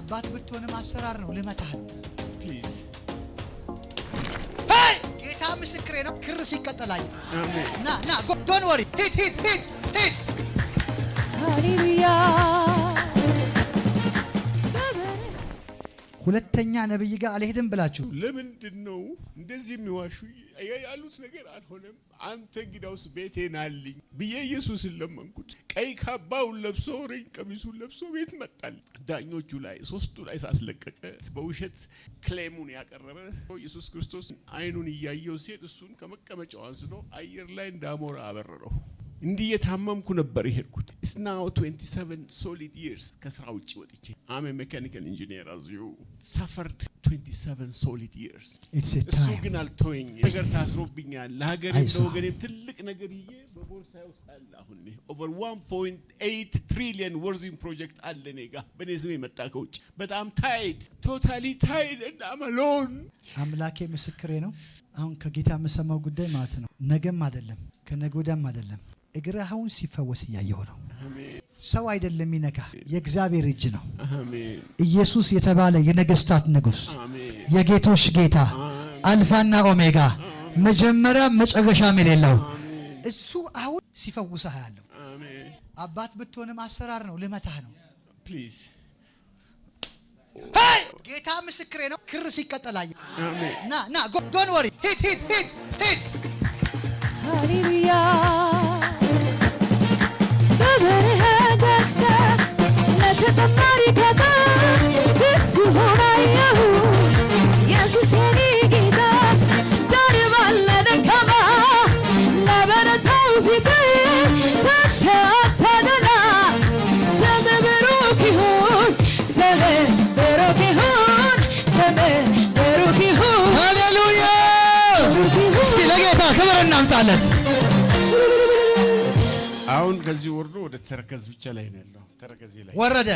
አባት ብትሆንም አሰራር ነው። ልመታህ ነው። ፕሊዝ ጌታ ምስክሬ ነው። ክር ሲቀጠላኝ ና ና፣ ዶንት ወሪ ሂድ ሂድ ሂድ ሂድ ሁለተኛ ነብይ ጋር አልሄድም ብላችሁ ለምንድን ነው እንደዚህ የሚዋሹ? ያሉት ነገር አልሆነም። አንተ እንግዳውስ ቤቴን አልኝ ብዬ ኢየሱስን ለመንኩት። ቀይ ካባውን ለብሶ ረኝ ቀሚሱን ለብሶ ቤት መጣል። ዳኞቹ ላይ ሶስቱ ላይ ሳስለቀቀ በውሸት ክሌሙን ያቀረበ ኢየሱስ ክርስቶስ አይኑን እያየው ሲሄድ እሱን ከመቀመጫው አንስቶ አየር ላይ እንዳሞራ አበረረው። እንዲህ እየታመምኩ ነበር የሄድኩት። ናው 27 ሶሊድ ይርስ ከስራ ውጭ ወጥቼ አም ሜካኒካል ኢንጂኒር አዚሁ ሰፈርድ 27 ሶሊድ ይርስ። እሱ ግን አልተወኝ። ነገር ታስሮብኛል። ለሀገር ለወገኔም ትልቅ ነገር ይዤ በቦርሳ ውስጥ አለ። አሁን ኦቨር 1.8 ትሪሊየን ወርዚን ፕሮጀክት አለ እኔ ጋ በእኔ ስም የመጣ ከውጭ። በጣም ታይድ ቶታሊ ታይድ እና መሎን አምላኬ ምስክሬ ነው። አሁን ከጌታ የምሰማው ጉዳይ ማለት ነው ነገም አይደለም ከነገ ወዲያም አይደለም እግር አሁን ሲፈወስ እያየሁ ነው። ሰው አይደለም ይነካ፣ የእግዚአብሔር እጅ ነው። ኢየሱስ የተባለ የነገስታት ንጉስ፣ የጌቶች ጌታ፣ አልፋና ኦሜጋ፣ መጀመሪያ መጨረሻም የሌለው እሱ አሁን ሲፈውሰህ ያለው አባት ብትሆንም አሰራር ነው፣ ልመታህ ነው። ጌታ ምስክሬ ነው። ክር ሲቀጠላየ ና ና ዶን ወሪ ሂድ ሂድ ሂድ ሂድ ሃሌሉያ ተፈሪ ከታ ስትሆን አየሁ ኢየሱስ የኔ ለጌታ ክብር እናምጣለት። አሁን ከዚህ ወርዶ ወደ ተረከዝ ብቻ ላይ ነው ያለው። ወረደ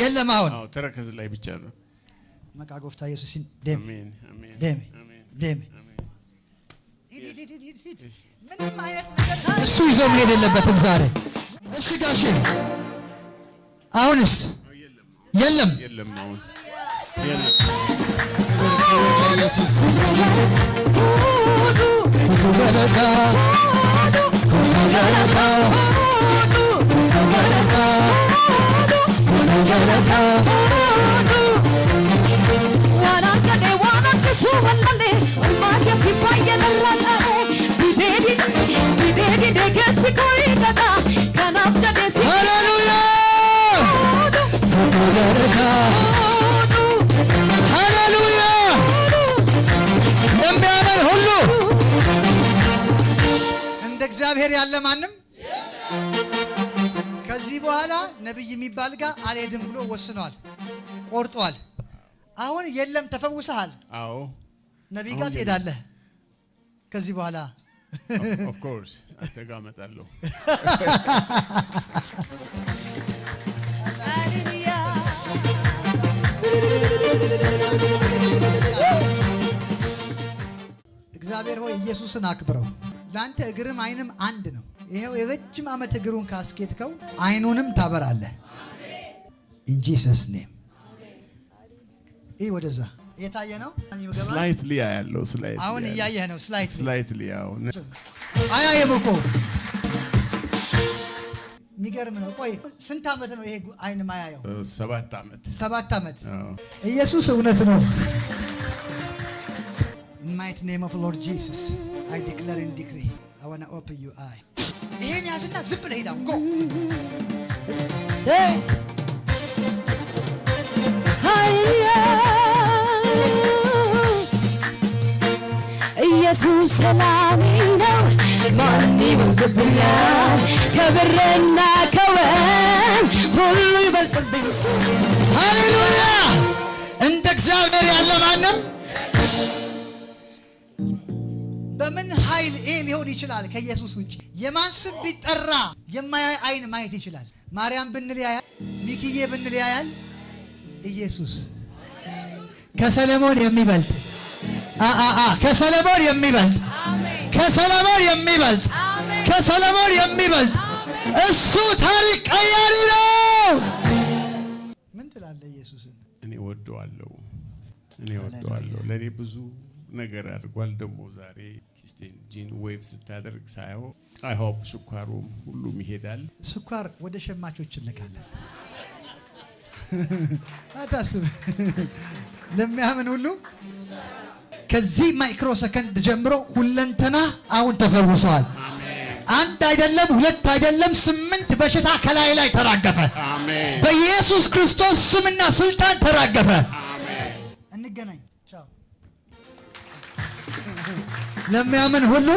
የለም። አሁን ተረከዝ ላይ ብቻ ነው። መቃጎፍታ ኢየሱስ እሱ ይዞ መሄድ የለበትም ዛሬ። እሺ ጋሼ፣ አሁንስ የለም ኢየሱስ እንደ እግዚአብሔር ያለ ማንም ከዚህ በኋላ ነቢይ የሚባል ጋር አልሄድም ብሎ ወስኗል፣ ቆርጧል። አሁን የለም ተፈውሰሃል። አዎ ነቢይ ጋር ትሄዳለህ ከዚህ በኋላ ኦፍ አንተ ጋር እመጣለሁ። እግዚአብሔር ሆይ ኢየሱስን አክብረው። ለአንተ እግርም አይንም አንድ ነው። ይኸው የረጅም ዓመት እግሩን ካስኬትከው አይኑንም ታበራለህ። ኢንጂሰስ ኔም ይህ ወደዛ የታየ ነው። ስላይትሊ ያለው ስላይት አሁን እያየህ ነው። ስላይት ስላይትሊ አሁን አያየም እኮ የሚገርም ነው። ቆይ ስንት ዓመት ነው ይሄ አይን ማያየው? ሰባት ዓመት ሰባት ዓመት። ኢየሱስ እውነት ነው። ኢን ማይቲ ኔም ኦፍ ሎርድ ጂሰስ አይ ዲክለር ኢን ዲክሪ አይ ዋና ኦፕን ዩ አይ ይሄን ያዝና ዝም ብለህ ሄዳው ጎ ኢየሱስ ሰላሜ ነው፣ ማን ይወስድብኛል? ከብርና ከወርቅ ሁሉ ይበልጥብኝ። ሃሌሉያ! እንደ እግዚአብሔር ያለ ማንም በምን ኃይል ይህ ሊሆን ይችላል? ከኢየሱስ ውጭ የማን ስም ቢጠራ የማያይ አይን ማየት ይችላል? ማርያም ብንል ያያል፣ ሚኪዬ ብንል ያያል። ኢየሱስ ከሰለሞን የሚበልጥ ከሰለሞን የሚበልጥ ከሰለሞን የሚበልጥ ከሰለሞን የሚበልጥ እሱ ታሪክ ቀያሪ ነው። ምን ትላለህ? ኢየሱስን እኔ ወደዋለሁ፣ እኔ ወደዋለሁ። ለእኔ ብዙ ነገር አድርጓል። ደግሞ ዛሬ ክርስቲን ጂን ዌቭ ስታደርግ ሳይሆ አይሆፕ ስኳሩም ሁሉም ይሄዳል። ስኳር ወደ ሸማቾች እንልካለን። አታስብ፣ ለሚያምን ሁሉ ከዚህ ማይክሮ ሰከንድ ጀምሮ ሁለንተና አሁን ተፈውሰዋል። አንድ አይደለም፣ ሁለት አይደለም፣ ስምንት በሽታ ከላይ ላይ ተራገፈ። በኢየሱስ ክርስቶስ ስምና ስልጣን ተራገፈ። እንገናኝ። ቻው። ለሚያምን ሁሉ